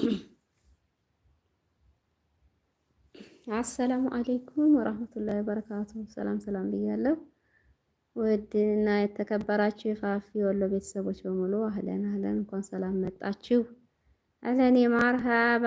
አሰላሙ አሌይኩም ወራህመቱላሂ ወበረካቱ። ሰላም ሰላም ብያለሁ። ውድና እና የተከበራችሁ የፋፊ ወሎ ቤተሰቦች በሙሉ አህለን አህለን፣ እንኳን ሰላም መጣችሁ። አህለን የማርሃባ